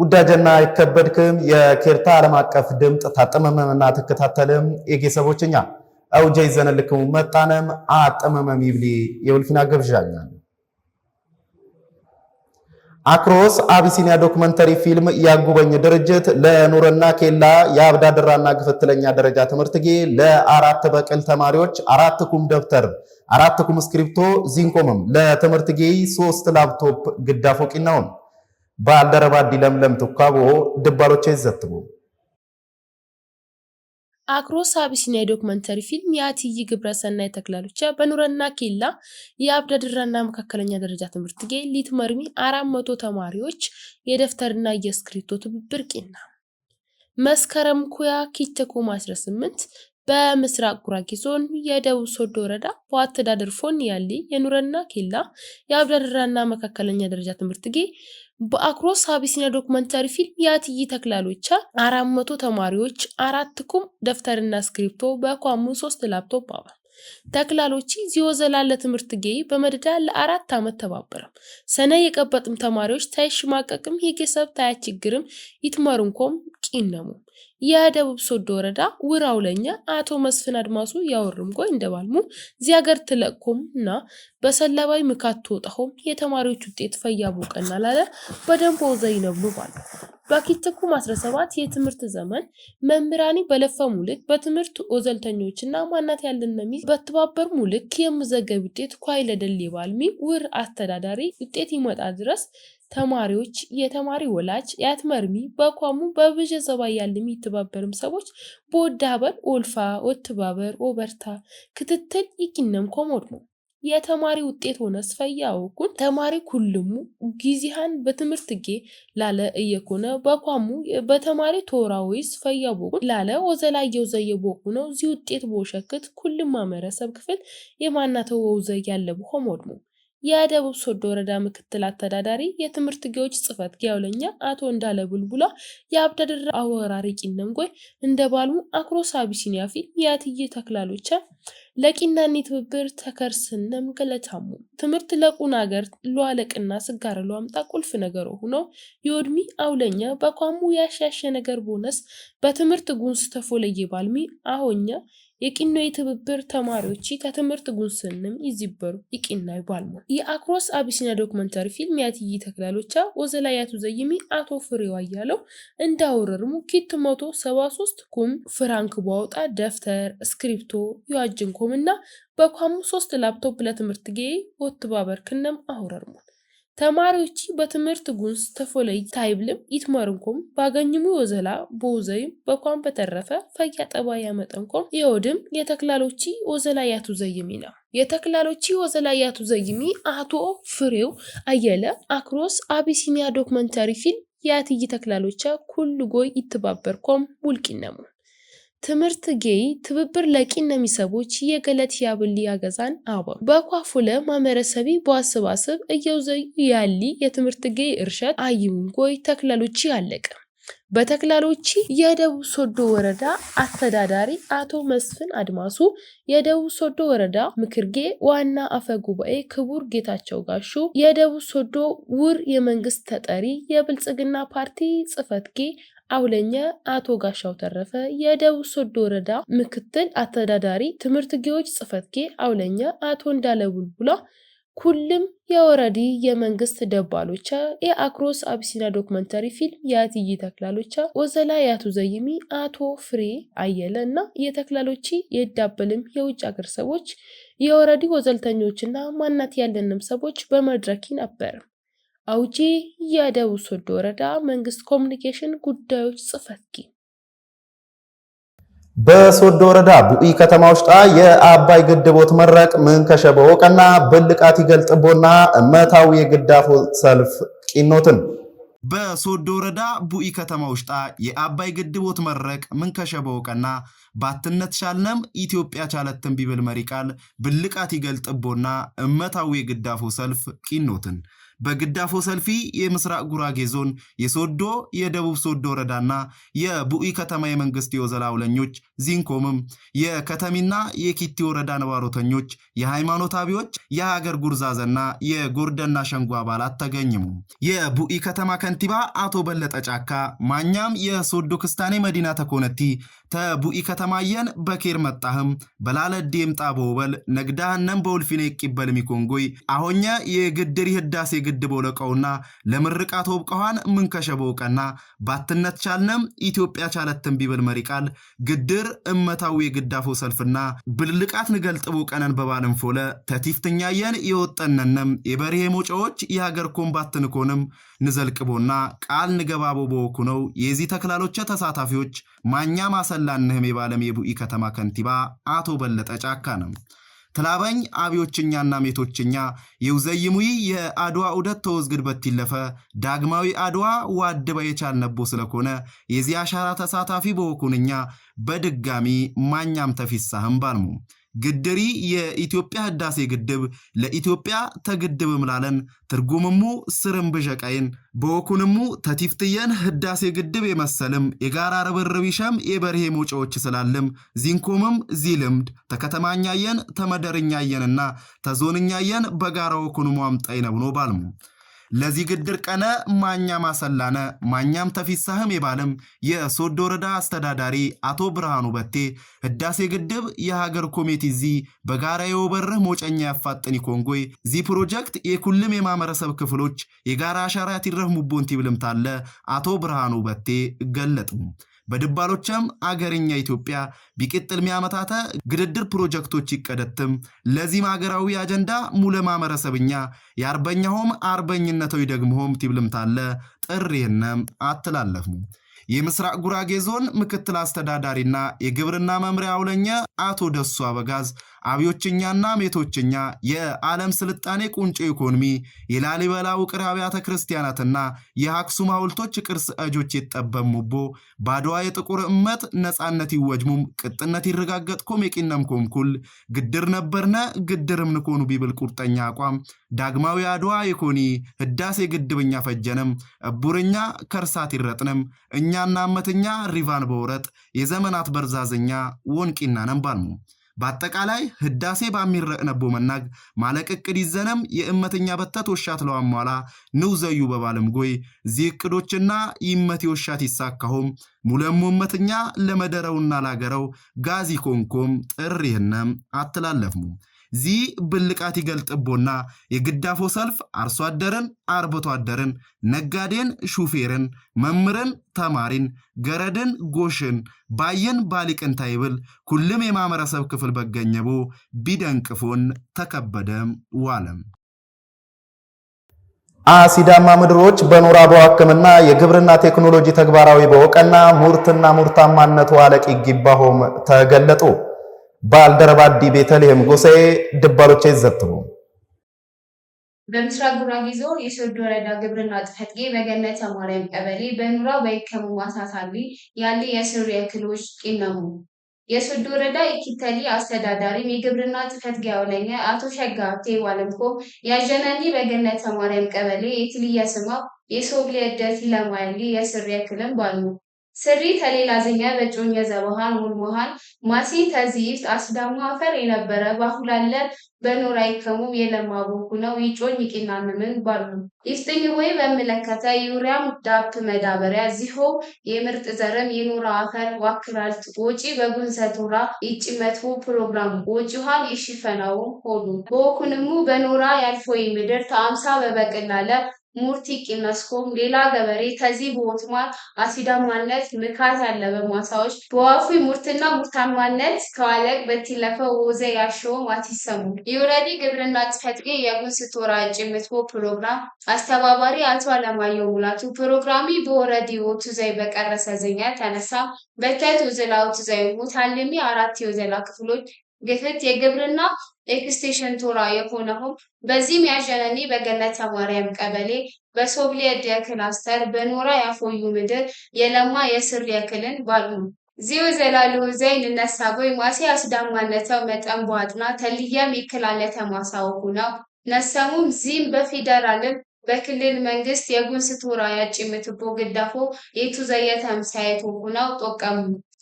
ውዳጀና የከበድክም የኬርታ ዓለም አቀፍ ድምጥ ታጠመመምና ትከታተልም የጌሰቦችኛ አውጀ ይዘነልክሙ መጣነም አጠመመም ይብሊ የውልፊና ገብዣኛል አክሮስ አቢሲኒያ ዶክመንተሪ ፊልም ያጉበኝ ድርጅት ለኑርና ኬላ የአብዳድራና ክፍትለኛ ደረጃ ትምህርት ጌ ለአራት በቅል ተማሪዎች አራት ኩም ደብተር አራት ኩም እስክሪፕቶ ዚንኮምም ለትምህርት ጌ ሶስት ላፕቶፕ ግዳፎቂ ነውን ባልደረባ ዲለምለም ቱካቦ ድባሎቼ ይዘትቡ አክሮስ አቢሲኒያ ዶክመንተሪ ፊልም የአትይ ግብረሰናይ ተክላሎች በኑረና ኬላ የአብዳድራና መካከለኛ ደረጃ ትምህርት ጌ ሊት መርሚ አራት መቶ ተማሪዎች የደብተርና የእስክሪብቶ ትብብር ቂና መስከረም ኩያ ኪቸኮ 18 በምስራቅ ጉራጌ ዞን የደቡብ ሶዶ ወረዳ በአስተዳደር ፎን ያሌ የኑረና ኬላ የአብዳድራና መካከለኛ ደረጃ ትምህርት ጌ በአክሮስ አቢሲኒያ ዶክመንተሪ ፊልም የአትይ ተክላሎቻ አራት መቶ ተማሪዎች አራት ኩም ደፍተርና እስክሪብቶ በኳሙ ሶስት ላፕቶፕ አባል ተክላሎቺ ዚዮ ዘላለ ትምህርት ጌ በመደዳ ለአራት ዓመት ተባበረም ሰነ የቀበጥም ተማሪዎች ታይሽማቀቅም የጌሰብ ታያ ችግርም ይትመርንኮም ቂነሙም የደቡብ ሶዶ ወረዳ ውራው ለኛ አቶ መስፍን አድማሱ ያወርም ጎይ እንደባልሙ ዚያገር ትለቅኮም እና በሰለባይ ምካት ተወጣሆም የተማሪዎች ውጤት ፈያቡ ቀና ላለ በደንብ ወዘይ ባል ባሉ በኪትኩ 17 የትምህርት ዘመን መምህራኒ በለፈሙ ልክ በትምህርት እና ማናት ያለን ያለነሚ በተባበርሙ ሙልክ የምዘገብ ውጤት ኳይ ለደል ባልሚ ውር አስተዳዳሪ ውጤት ይመጣ ድረስ ተማሪዎች የተማሪ ወላጅ ያትመርሚ መርሚ በኳሙ በብዥ ዘባ ያል የሚተባበርም ሰዎች በወዳበር ኦልፋ ወትባበር ኦበርታ ክትትል ይኪነም ኮሞድሞ የተማሪ ውጤት ሆነ ስፈያውኩን ተማሪ ኩልሙ ጊዜሃን በትምህርት ጌ ላለ እየኮነ በኳሙ በተማሪ ቶራዊ ስፈያቦኩን ላለ ወዘላየው ዘየቦኩ ነው ዚ ውጤት ቦሸክት ኩልማ መረሰብ ክፍል የማናተወው ዘ ያለብ ሆሞድሞ የደቡብ ሶዶ ወረዳ ምክትል አስተዳዳሪ የትምህርት ጊዎች ጽፈት ጊያውለኛ አቶ እንዳለ ቡልቡላ የአብደድራ አወራሪ ቂነንጎይ እንደ ባሉ አክሮስ አቢሲኒያፊ የአትዬ ተክላሎቻ ለቂናኒ ትብብር ተከርስንም ገለታሙ ትምህርት ለቁን አገር ለዋለቅና ስጋር ለዋምጣ ቁልፍ ነገር ሆኖ የወድሚ አውለኛ በኳሙ ያሻሸ ነገር ቦነስ በትምህርት ጉንስ ተፎለየ ባልሚ አሁኛ የቂኖ የትብብር ተማሪዎች ከትምህርት ጉንስንም ይዝበሩ ይቂና ይባልሙ የአክሮስ አቢሲና ዶክመንታሪ ፊልም ያትይ ተክላሎቻ ወዘላያቱ ዘይሚ አቶ ፍሬው እያለው እንዳወረርሙ ኪት መቶ ሰባ ሶስት ኩም ፍራንክ ባወጣ ደፍተር እስክሪፕቶ ይዋጅንኩ ኮም እና በኳሙ ሶስት ላፕቶፕ ለትምህርት ጌ ወት ባበር ክነም አሁረርሞን ተማሪዎች በትምህርት ጉንስ ተፎለይ ታይብልም ይትመርንኩም ባገኝሙ ወዘላ በውዘይም በኳም በተረፈ ፈያ ጠባ ያመጠንኮም የወድም የተክላሎቺ ወዘላ ያቱ ዘይሚ ነው የተክላሎቺ ወዘላ ያቱ ዘይሚ አቶ ፍሬው አየለ አክሮስ አቢሲኒያ ዶክመንታሪ ፊልም የአትይ ተክላሎቻ ኩል ጎይ ይትባበርኮም ውልቂነሙ ጌይ ትብብር ለቂነሚ ሰቦች የገለት ያብል ያገዛን አበ በኳፉለ ማመረሰቢ በዋስባስብ እየውዘዩ ያሊ ጌይ እርሸት አይምንጎይ ተክለሎች አለቀ በተክላሎች የደቡብ ሶዶ ወረዳ አስተዳዳሪ አቶ መስፍን አድማሱ፣ የደቡብ ሶዶ ወረዳ ምክርጌ ዋና አፈ ጉባኤ ክቡር ጌታቸው ጋሹ፣ የደቡብ ሶዶ ውር የመንግስት ተጠሪ፣ የብልጽግና ፓርቲ ጽፈትጌ አውለኛ አቶ ጋሻው ተረፈ የደቡብ ሶዶ ወረዳ ምክትል አተዳዳሪ ትምህርት ጌዎች ጽፈትጌ አውለኛ አቶ እንዳለ ቡልቡላ ኩልም የወረዲ የመንግስት ደባሎቻ የአክሮስ አቢሲና ዶክመንታሪ ፊልም የአትይ ተክላሎቻ ወዘላ የአቶ ዘይሚ አቶ ፍሬ አየለ እና የተክላሎቺ የዳበልም የውጭ አገር ሰዎች የወረዲ ወዘልተኞችና ማናት ያለንም ሰዎች በመድረኪ ነበር። አውጄ የደቡብ ሶዶ ወረዳ መንግስት ኮሚኒኬሽን ጉዳዮች ጽሕፈት ኪ በሶዶ ወረዳ ቡኢ ከተማ ውሽጣ የአባይ ግድቦት መረቅ ምን ምንከሸበ ወቀና ብልቃት ይገልጥቦና እመታዊ የግዳፎ ሰልፍ ቂኖትን በሶዶ ወረዳ ቡኢ ከተማ ውሽጣ የአባይ ግድቦት መረቅ ምን ምንከሸበ ወቀና ባትነት ሻልነም ኢትዮጵያ ቻለትን ቢብል መሪ ቃል ብልቃት ይገልጥቦና እመታዊ የግዳፎ ሰልፍ ቂኖትን በግዳፎ ሰልፊ የምስራቅ ጉራጌ ዞን የሶዶ የደቡብ ሶዶ ወረዳና የቡኢ ከተማ የመንግስት የወዘላ አውለኞች ዚንኮምም የከተሚና የኪቲ ወረዳ ነባሮተኞች፣ የሃይማኖት አብዮች የሀገር ጉርዛዘና የጎርደና ሸንጎ አባላት ተገኝሙ። የቡኢ ከተማ ከንቲባ አቶ በለጠ ጫካ ማኛም የሶዶ ክስታኔ መዲና ተኮነቲ ተቡኢ ከተማ የን በኬር መጣህም በላለዴም ጣበወበል ነግዳህነም በውልፊነ ይቅበል ሚኮንጎይ አሆኘ የግድር ህዳሴ ለግድብ ወለቀውና ለምርቃት ወብቀኋን ምንከሸበው ቀና ባትነት ቻልነም ኢትዮጵያ ቻለትን ቢብል መሪ ቃል ግድር እመታዊ የግዳፎ ሰልፍና ብልልቃት ንገልጥቦ ቀነን በባልን ፎለ ተቲፍትኛየን የወጠነንም የበርሄ ሞጫዎች የሀገር ኮምባትን ኮንም ንዘልቅቦና ቃል ንገባቦ በወኩ ነው የዚህ ተክላሎቸ ተሳታፊዎች ማኛ ማሰላንህም የባለም የቡኢ ከተማ ከንቲባ አቶ በለጠ ጫካ ነው። ትላበኝ አብዮችኛና ሜቶችኛ የውዘይሙይ የአድዋ ዑደት ተወዝግድ በትይለፈ ዳግማዊ አድዋ ዋድባ የቻልነቦ ስለኮነ የዚህ አሻራ ተሳታፊ በወኩንኛ በድጋሚ ማኛም ተፊሳህም ባልሙ ግድሪ የኢትዮጵያ ህዳሴ ግድብ ለኢትዮጵያ ተግድብ ምላለን ትርጉምሙ ስርም ብዠቀይን በወኩንሙ ተቲፍትየን ህዳሴ ግድብ የመሰልም የጋራ ርብርብ ይሸም የበርሄ መውጫዎች ስላልም ዚንኮምም ዚ ልምድ ተከተማኛየን ተመደርኛየንና ተዞንኛየን በጋራ ወኩንሙ አምጣይ ነብኖ ባልሙ ለዚህ ግድር ቀነ ማኛ ማሰላነ ማኛም ተፊሳህም የባለም የሶዶ ወረዳ አስተዳዳሪ አቶ ብርሃኑ በቴ ህዳሴ ግድብ የሀገር ኮሚቴ ዚ በጋራ የወበርህ ሞጨኛ ያፋጥን ኮንጎይ ዚ ፕሮጀክት የኩልም የማህበረሰብ ክፍሎች የጋራ አሻራ ያትረህ ሙቦንቲ ብልምታለ አቶ ብርሃኑ በቴ ገለጡ። በድባሎቸም አገርኛ ኢትዮጵያ ቢቅጥል ሚያመታተ ግድድር ፕሮጀክቶች ይቀደትም ለዚህም አገራዊ አጀንዳ ሙለ ማመረሰብኛ የአርበኛሆም አርበኝነተዊ ደግሞሆም ቲብልምታለ ጥሪህነም አትላለፍሙ። የምስራቅ ጉራጌ ዞን ምክትል አስተዳዳሪና የግብርና መምሪያ አውለኛ አቶ ደሱ አበጋዝ አብዮችኛና ሜቶችኛ የዓለም ስልጣኔ ቁንጮ ኢኮኖሚ የላሊበላ ውቅር አብያተ ክርስቲያናትና የአክሱም ሐውልቶች ቅርስ እጆች ይጠበሙቦ ባድዋ የጥቁር እመት ነፃነት ይወጅሙም ቅጥነት ይረጋገጥኮም የቂነምኮም ኮምኩል ግድር ነበርነ ግድርም ንኮኑ ቢብል ቁርጠኛ አቋም ዳግማዊ አድዋ ይኮኒ ህዳሴ ግድብኛ ፈጀንም እቡርኛ ከርሳት ይረጥንም እኛና እመትኛ ሪቫን በውረጥ የዘመናት በርዛዝኛ ወንቂና ነንባን በአጠቃላይ ህዳሴ ባሚረቅ ነቦ መናግ ማለቅ እቅድ ይዘነም የእመተኛ በተት ወሻት ለዋሟላ ንውዘዩ በባለም ጎይ እዚህ እቅዶችና ይመት ወሻት ይሳካሁም ሙለሙ እመተኛ ለመደረውና ላገረው ጋዚ ኮንኮም ጥሪህነም አትላለፍሙ ዚ ብልቃት ይገልጥቦና የግዳፎ ሰልፍ አርሶ አደርን፣ አርብቶ አደርን፣ ነጋዴን፣ ሹፌርን፣ መምህርን፣ ተማሪን፣ ገረድን፣ ጎሽን፣ ባየን፣ ባሊቅን ታይብል ሁሉም የማህበረሰብ ክፍል በገኘቦ ቢደንቅፎን ተከበደ ዋለም አሲዳማ ምድሮች በኖራ በዋክምና የግብርና ቴክኖሎጂ ተግባራዊ በወቀና ሙርትና ሙርታማነቱ አለቂ ይግባሆም ተገለጡ ባልደረባ ዲ ቤተልሔም ጎሳዬ ድባሎቼ ይዘትቡ በምስራቅ ጉራጌ ዞን የሶዶ ወረዳ ግብርና ጽሕፈት ቤት በገነተ ማርያም ቀበሌ በኑራ በይከሙ ማሳሳቢ ያለ የሱሪያ ክሎች ቂነሙ የሶዶ ወረዳ የኪተሊ አስተዳዳሪም የግብርና ጽሕፈት ቤት አውለኛ አቶ ሸጋ ሀብቴ ዋለምኮ ያጀነኒ በገነተ ማርያም ቀበሌ የትልያ ስማ የሶብሊ ዕደት ለማያሊ የሱሪያ ክልም ባሉ ስሪ ተሌላ ተሌላዝኘ በጮኘ ዘበሃን ሙልሞሃን ማሲ ተዚይፍት አስዳሙ አፈር የነበረ ባሁላለ በኖር አይከሙም የለማ ቦኩ ነው ይጮኝ ምምን ባሉ ይፍጥኝ ወይ በምለከተ ዩሪያም ዳፕ መዳበሪያ ዚሆ የምርጥ ዘርም የኖራ አፈር ዋክራልት ወጪ በጉንሰቶራ ይጭ መጥፎ ፕሮግራሙ ወጪኋን ይሽፈናውም ሆኑ በወኩንሙ በኖራ ያልፎይ ምድር ተአምሳ በበቅላለ ሙርቲ ቂነስኮም ሌላ ገበሬ ከዚህ በወትማ አሲዳማነት ምካት ያለበ በማሳዎች በዋፉ ሙርትና ሙርታማነት ከዋለቅ በቲለፈ ወዘ ያሸው ማት የወረዲ ግብርና ጽፈት ቤ የጉን ስቶራ ጭምትቦ ፕሮግራም አስተባባሪ አቶ አለማየሁ ሙላቱ ፕሮግራሚ በወረዲ ወቱ ዘይ በቀረሰ ዘኛ ተነሳ በተቱ ዘላውት ዘይ ሙት አራት የወዘላ ክፍሎች ግፍት የግብርና ኤክስቴሽን ቶራ የሆነውም በዚህም ያዠነኒ በገነተ ማርያም ቀበሌ በሶብሊ ዕድየ ክላስተር በኖራ ያፎዩ ምድር የለማ የስር የክልን ባሉ ዚው ዘላሉ ዘይን ነሳቦይ ማሴ አስዳማነተው መጠን በአጥና ተልያም ይክላለ ማሳወኩ ነው ነሰሙም ዚም በፌደራልም በክልል መንግስት የጉንስት ወራያጭ ምትቦ ግዳፎ የቱ ዘየተ አምሳየቱ ሁነው ጦቀሙ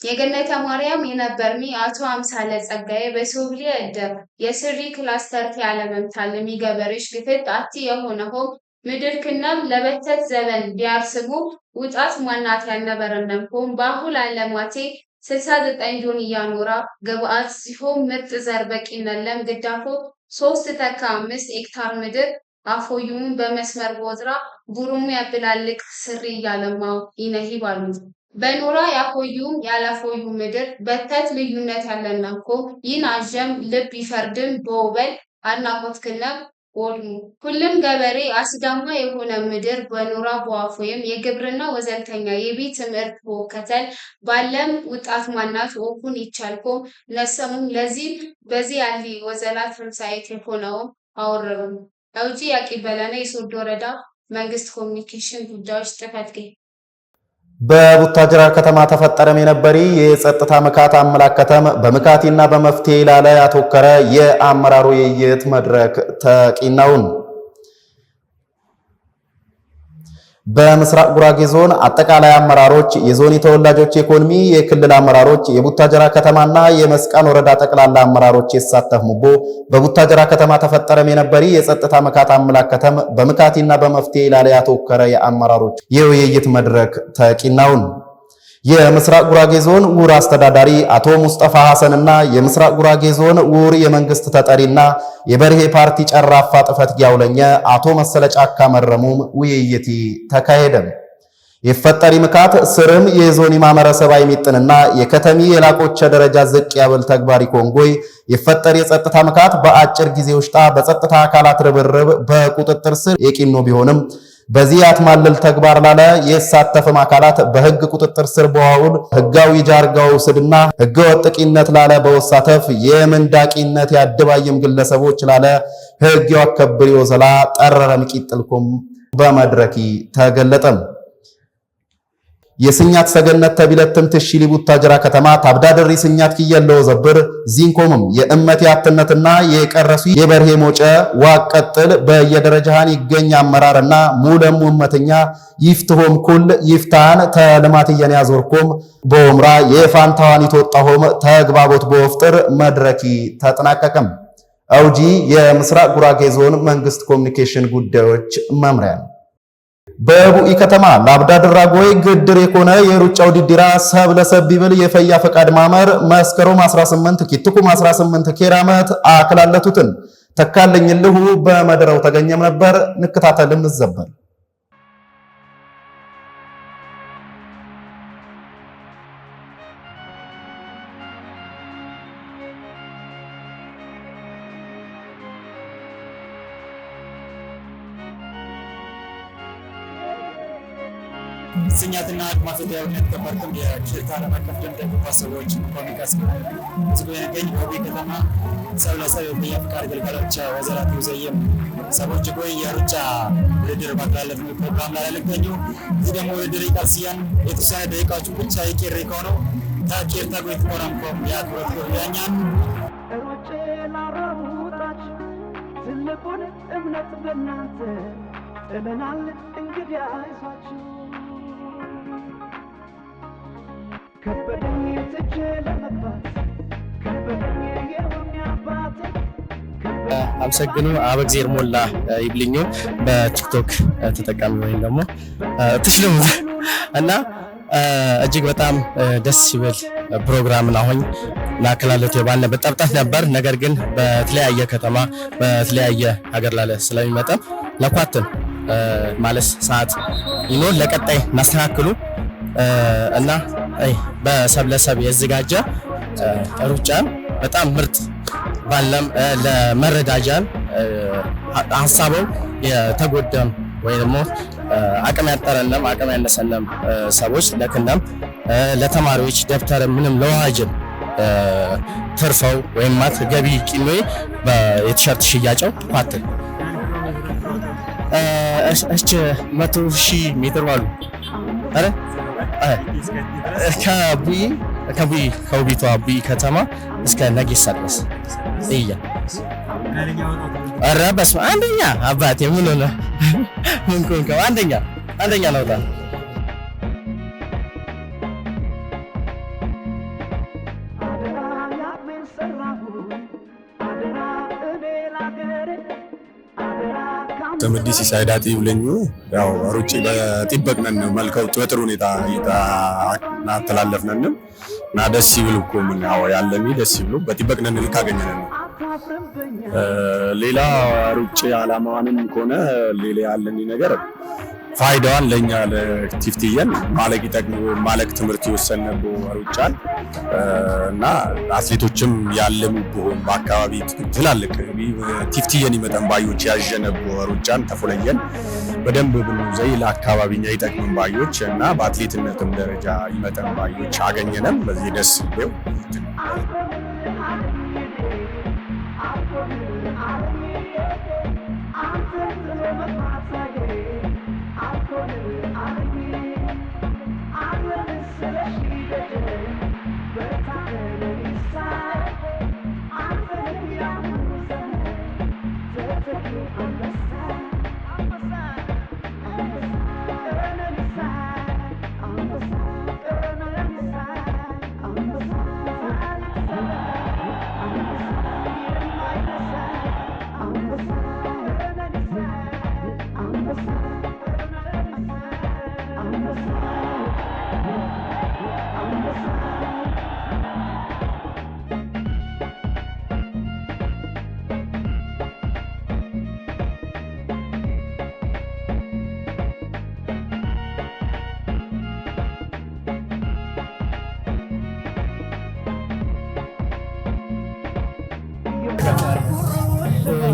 የገነተ ማርያም የነበርኒ አቶ አምሳለ ጸጋዬ በሶብሊ እድር የስሪ ክላስተር ያለመምታል የሚገበሬሽ ግፍት አቲ የሆነ ሆም ምድር ክናም ለበተት ዘበን ቢያርስሙ ውጣት ማናት ያልነበረነም ሆም በአሁል አለማቴ 69 ዘጠኝ ጆን እያኖራ ግብአት ሲሆን ምርጥ ዘር በቂነለም ግዳፎ ሶስት ተካ አምስት ኤክታር ምድር አፎዩሙ በመስመር ወዝራ ቡሩሙ ያብላልቅ ስሪ እያለማው ይነሂብ ባሉ በኖራ ያኮዩም ያላፎዩ ምድር በተት ልዩነት ያለናኮ ይህን አጀም ልብ ይፈርድም በውበል አድናቆት ክነብ ወድሙ ሁሉም ገበሬ አስዳማ የሆነ ምድር በኖራ በዋፎይም የግብርና ወዘልተኛ የቤት ትምህርት በወከተል ባለም ውጣት ማናት ወኩን ይቻልኮ ለሰሙ ለዚህ በዚህ ያለ ወዘላት ፍርሳየት የሆነው አወረሩም አውጂ ያቂ በለነ የሶዶ ወረዳ መንግስት ኮሚኒኬሽን ጉዳዮች ጽሕፈት ቤት በቡታጅራ ከተማ ተፈጠረም የነበሪ የጸጥታ ምካት አመላከተም በምካቲና በመፍትሄ ላለ ያተወከረ የአመራሩ የየት መድረክ ተቂናውን በምስራቅ ጉራጌ ዞን አጠቃላይ አመራሮች፣ የዞን የተወላጆች የኮልሚ የክልል አመራሮች፣ የቡታጀራ ከተማና የመስቃን ወረዳ ጠቅላላ አመራሮች የተሳተፉቦ በቡታጀራ ከተማ ተፈጠረም የነበሪ የጸጥታ መካት አመላከተም በምካቲና በመፍትሄ ላለ ያተወከረ የአመራሮች የውይይት መድረክ ተቂናውን የምስራቅ ጉራጌ ዞን ውር አስተዳዳሪ አቶ ሙስጠፋ ሐሰን እና የምስራቅ ጉራጌ ዞን ውር የመንግስት ተጠሪና የበርሄ ፓርቲ ጨራፋ ጥፈት ጊያውለኘ አቶ መሰለ ጫካ መረሙም ውይይት ተካሄደም። የፈጠሪ ምካት ስርም የዞኒ ማህበረሰብ አይሚጥንና የከተሚ የላቆቸ ደረጃ ዝቅ ያበል ተግባሪ ኮንጎይ የፈጠሪ የጸጥታ ምካት በአጭር ጊዜ ውሽጣ በጸጥታ አካላት ርብርብ በቁጥጥር ስር የቂኖ ቢሆንም በዚህ ያትማልል ተግባር ላለ የሳተፈም አካላት በህግ ቁጥጥር ስር በዋውል ህጋዊ ጃርጋው ስድና ህገ ወጥቂነት ላለ በወሳተፍ የምንዳቂነት ያደባየም ግለሰቦች ላለ ህግ ያከብር ይወዘላ ጠረረም ቂጥልኩም በመድረኪ ተገለጠም የስኛት ሰገነት ተቢለትም ትሺ ሊቡታጅራ ከተማ ታብዳድሪ ስኛት ክየለው ዘብር ዚንኮምም የእመት ያትነትና የቀረሱ የበርሄ ሞጨ ዋቀጥል በየደረጃሃን ይገኝ አመራርና ሙለም እመተኛ ይፍትሆም ኩል ይፍታን ተልማት ዞርኩም በወምራ የፋንታዋን ይትወጣሆም ተግባቦት በወፍጥር መድረኪ ተጠናቀቀም። አውጂ የምስራቅ ጉራጌ ዞን መንግስት ኮሚኒኬሽን ጉዳዮች መምሪያ ነው። በቡኢ ከተማ ለአብዳ ድራጎይ ግድር የኮነ የሩጫው ድድራ ሰብ ለሰብ ቢብል የፈያ ፈቃድ ማመር መስከረም 18 ኪትኩም 18 ኬራመት አክላለቱትን ተካለኝልሁ በመድረው ተገኘም ነበር ንከታተልም ዘበር ስኛትና አቅመ አዳምነት ከፓርክም የአፍሪካ ዓለም አቀፍ ደም ቋ ሰዎች ኮሚካስ ዝጎ የነገኝ ቆቦ ከተማ ሰብ ለሰብ የሁለተኛ ፍቃድ ግልጋሎች ወዘራት ይዘይም ሰቦች ጎይ የሩጫ ውድድር ማስተላለፍ ፕሮግራም ላይ ያለገኙ እዚህ ደግሞ ውድድር ይቃስያን የተወሰነ ደቂቃዎቹ ብቻ ይቄሬ ከሆነው ታኬር ታጎይት ቆረምኮም የአክብሮት ጎብዳኛን ሩጬ ላረሙጣች ትልቁን እምነት በእናንተ ጥለናል እንግዲህ አይዟችሁ ከበደኝ አመሰግኑ አበግዜር ሞላ ይብልኙ በቲክቶክ ተጠቃሚ ወይም ደግሞ ትችልም እና እጅግ በጣም ደስ ይበል ፕሮግራም ናሆኝ ላከላለቱ የባለ ነበር ነበር። ነገር ግን በተለያየ ከተማ በተለያየ ሀገር ላለ ስለሚመጣ ለኳትን ማለት ሰዓት ይኖር ለቀጣይ እናስተካክሉ እና በሰብለሰብ የዘጋጀ ሩጫን በጣም ምርጥ ባለም ለመረዳጃን ሀሳበው የተጎደም ወይ ደግሞ አቅም ያጠረንም አቅም ያነሰንም ሰዎች ለክናም ለተማሪዎች ደብተር ምንም ለወሃጅም ትርፈው ወይም ማት ገቢ ቂሜ የቲሸርት ሽያጨው ፓትል እች መቶ ሺህ ሜትር ባሉ ከውቢቷ ቡኢ ከተማ እስከ ነጌሳ ድረስ እያ ኧረ በስመ አንደኛ አባቴ ምን ሆነ ምን ኮንከው አንደኛ አንደኛ ነው ተመዲ ሲሳይዳቲ ብለኙ ያው ሩጭ በጥበቅነን መልከውት በጥሩ ሁኔታ ናተላለፍነንም እና ደስ ይብል እኮ ምን ያው ያለሚ ደስ ይብሉ በጥበቅነን ልክ አገኘነን። ሌላ ሩጭ አላማዋንም ከሆነ ሌላ ያለኒ ነገር ፋይዳዋን ለእኛ ለቲፍትየን ማለቅ ማለቅ ትምህርት የወሰነቦ ሩጫን እና አትሌቶችም ያለሙ ብሆን በአካባቢ ትላልቅ ቲፍትየን ይመጠን ባዮች ያዠነቦ ሩጫን ተፎለየን በደንብ ብኑ ዘይ ለአካባቢኛ ይጠቅምን ባዮች እና በአትሌትነትም ደረጃ ይመጠን ባዮች አገኘነም በዚህ ደስ ይው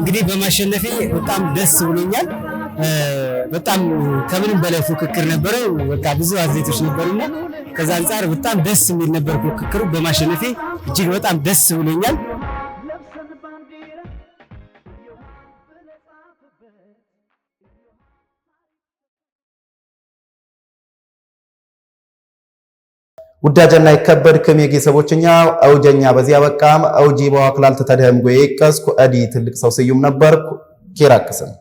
እንግዲህ በማሸነፌ በጣም ደስ ብሎኛል። በጣም ከምንም በላይ ፉክክር ነበረው። በቃ ብዙ አትሌቶች ነበሩና ከዛ አንጻር በጣም ደስ የሚል ነበር ፉክክሩ። በማሸነፌ እጅግ በጣም ደስ ብሎኛል። ውዳጀና ይከበድ የጌሰቦችኛ አውጀኛ በዚያ በቃም አውጂ በዋክላል ተተደህም ጎይ ቀስኩ አዲ ትልቅ ሰው ስዩም ነበርኩ ኬራክስም